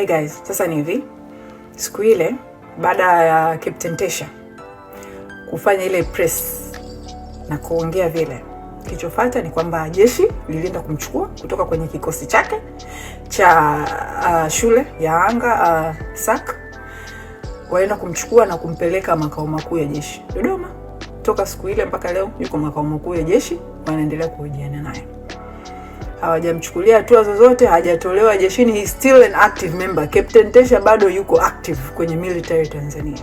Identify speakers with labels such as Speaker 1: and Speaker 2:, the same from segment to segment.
Speaker 1: Hi guys, sasa ni hivi. Siku ile baada ya Cape Temptation kufanya ile press na kuongea vile, kilichofuata ni kwamba jeshi lilienda kumchukua kutoka kwenye kikosi chake cha uh, shule ya anga uh, SAC waenda kumchukua na kumpeleka makao makuu ya jeshi Dodoma. Toka siku ile mpaka leo yuko makao makuu ya jeshi, wanaendelea kuhojiana naye hawajamchukulia hatua zozote, hajatolewa jeshini. He still an active member. Captain Tesha bado yuko active kwenye military Tanzania.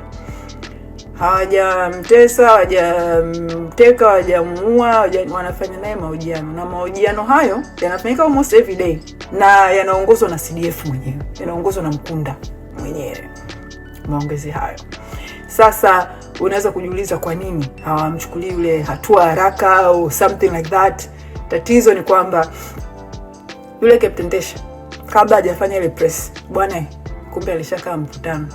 Speaker 1: Hawajamtesa, hawajamteka, hawajamuua, wanafanya naye mahojiano, na mahojiano hayo yanafanyika almost every day na yanaongozwa na CDF mwenyewe, yanaongozwa na Mkunda mwenyewe maongezi hayo. Sasa unaweza kujiuliza kwa nini hawamchukulii yule hatua haraka au something like that. Tatizo ni kwamba yule Captain Tesha kabla hajafanya ile press, bwana, kumbe alishakaa mkutano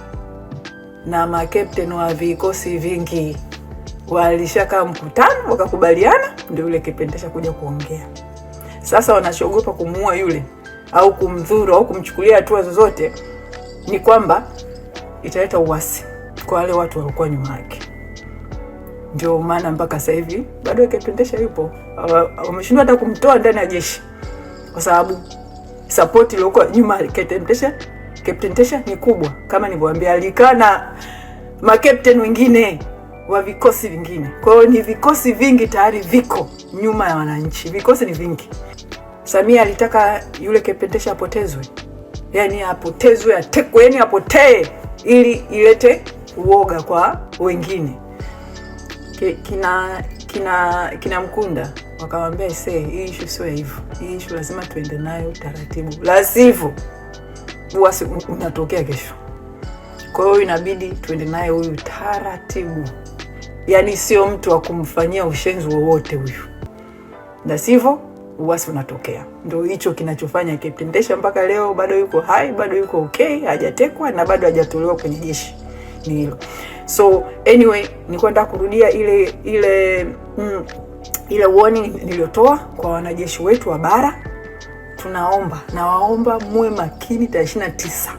Speaker 1: na makapteni wa vikosi vingi walishakaa mkutano wakakubaliana, ndio yule Captain Tesha kuja kuongea. Sasa wanachogopa kumuua yule au kumdhuru au kumchukulia hatua zozote ni kwamba italeta uasi kwa wale watu walikuwa nyuma yake. Ndio maana mpaka sasa hivi bado Captain Tesha yupo, wameshindwa hata kumtoa ndani ya jeshi kwa sababu support iliyokuwa nyuma Temptation, Captain Tesha ni kubwa, kama nilivyowaambia, alikaa na makapteni wengine wa vikosi vingine. Kwa hiyo ni vikosi vingi tayari viko nyuma ya wananchi, vikosi ni vingi. Samia alitaka yule Captain Tesha apotezwe, yani apotezwe, atekwe, yani apotee, ili ilete uoga kwa wengine. Kina kina kinamkunda wakawambia isee, hii ishu sio hivyo, hii ishu lazima tuende nayo taratibu, la sivyo unatokea kesho. Kwa hiyo inabidi tuende naye huyu taratibu, yaani sio mtu wa kumfanyia ushenzi wowote huyu, la sivyo unatokea. Ndo hicho kinachofanya Captain mpaka leo bado yuko hai, bado yuko okay, hajatekwa na bado hajatolewa kwenye jeshi ni hilo. So anyway, nilikuwa kurudia ile ile mm, ile warning niliyotoa kwa wanajeshi wetu wa bara, tunaomba nawaomba muwe makini tarehe ishirini na tisa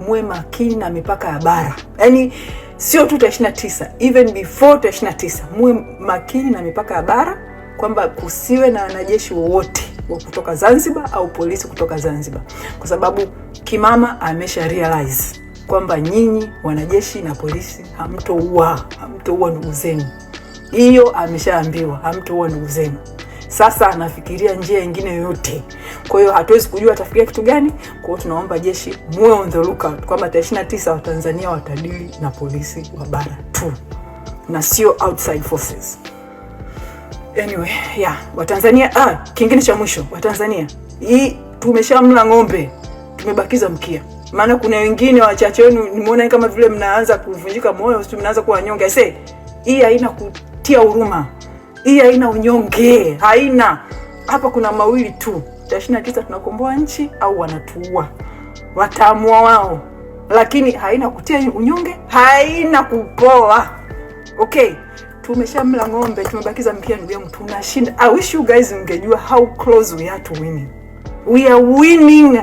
Speaker 1: muwe makini na mipaka ya bara, yaani sio tu tarehe ishirini na tisa even before tarehe ishirini na tisa muwe makini na mipaka ya bara, kwamba kusiwe na wanajeshi wowote wa kutoka Zanzibar au polisi kutoka Zanzibar, kwa sababu kimama amesha realize kwamba nyinyi wanajeshi na polisi hamtoua hamtoua ndugu zenu hiyo ameshaambiwa, hamtaua ndugu zenu. Sasa anafikiria njia nyingine yoyote, kwa hiyo hatuwezi kujua atafikiria kitu gani. Kwa hiyo tunaomba jeshi muwe on the lookout kwamba tarehe 29 Watanzania watadili na polisi wa bara tu na sio outside forces. Anyway, yeah, Watanzania. Ah, kingine cha mwisho Watanzania, hii tumeshamla ng'ombe, tumebakiza mkia. Maana kuna wengine wachache wenu nimeona kama vile mnaanza kuvunjika moyo, sio mnaanza kuwa wanyonge. I say hii haina kutia huruma, hii haina unyonge, haina hapa. Kuna mawili tu, tarehe ishirini na tisa tunakomboa nchi au wanatuua, wataamua wao, lakini haina kutia unyonge, haina kupoa. Okay, tumeshamla ng'ombe, tumebakiza mkia. Ndugu yangu, tunashinda. I wish you guys mngejua how close we are to winning. We are winning.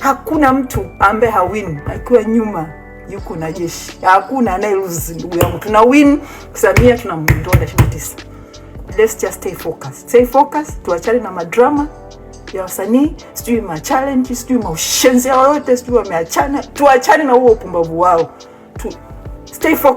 Speaker 1: Hakuna mtu ambaye hawini akiwa nyuma Yuko na jeshi, hakuna anaye lose. Ndugu yangu, tuna win Samia, tuna tarehe ishirini tisa. Let's just stay focused, stay focused, tuachane na madrama ya wasanii, sijui ma challenge, sijui maushenzi yao yote, sijui wameachana. Tuachane na huo upumbavu wao tu, stay focused.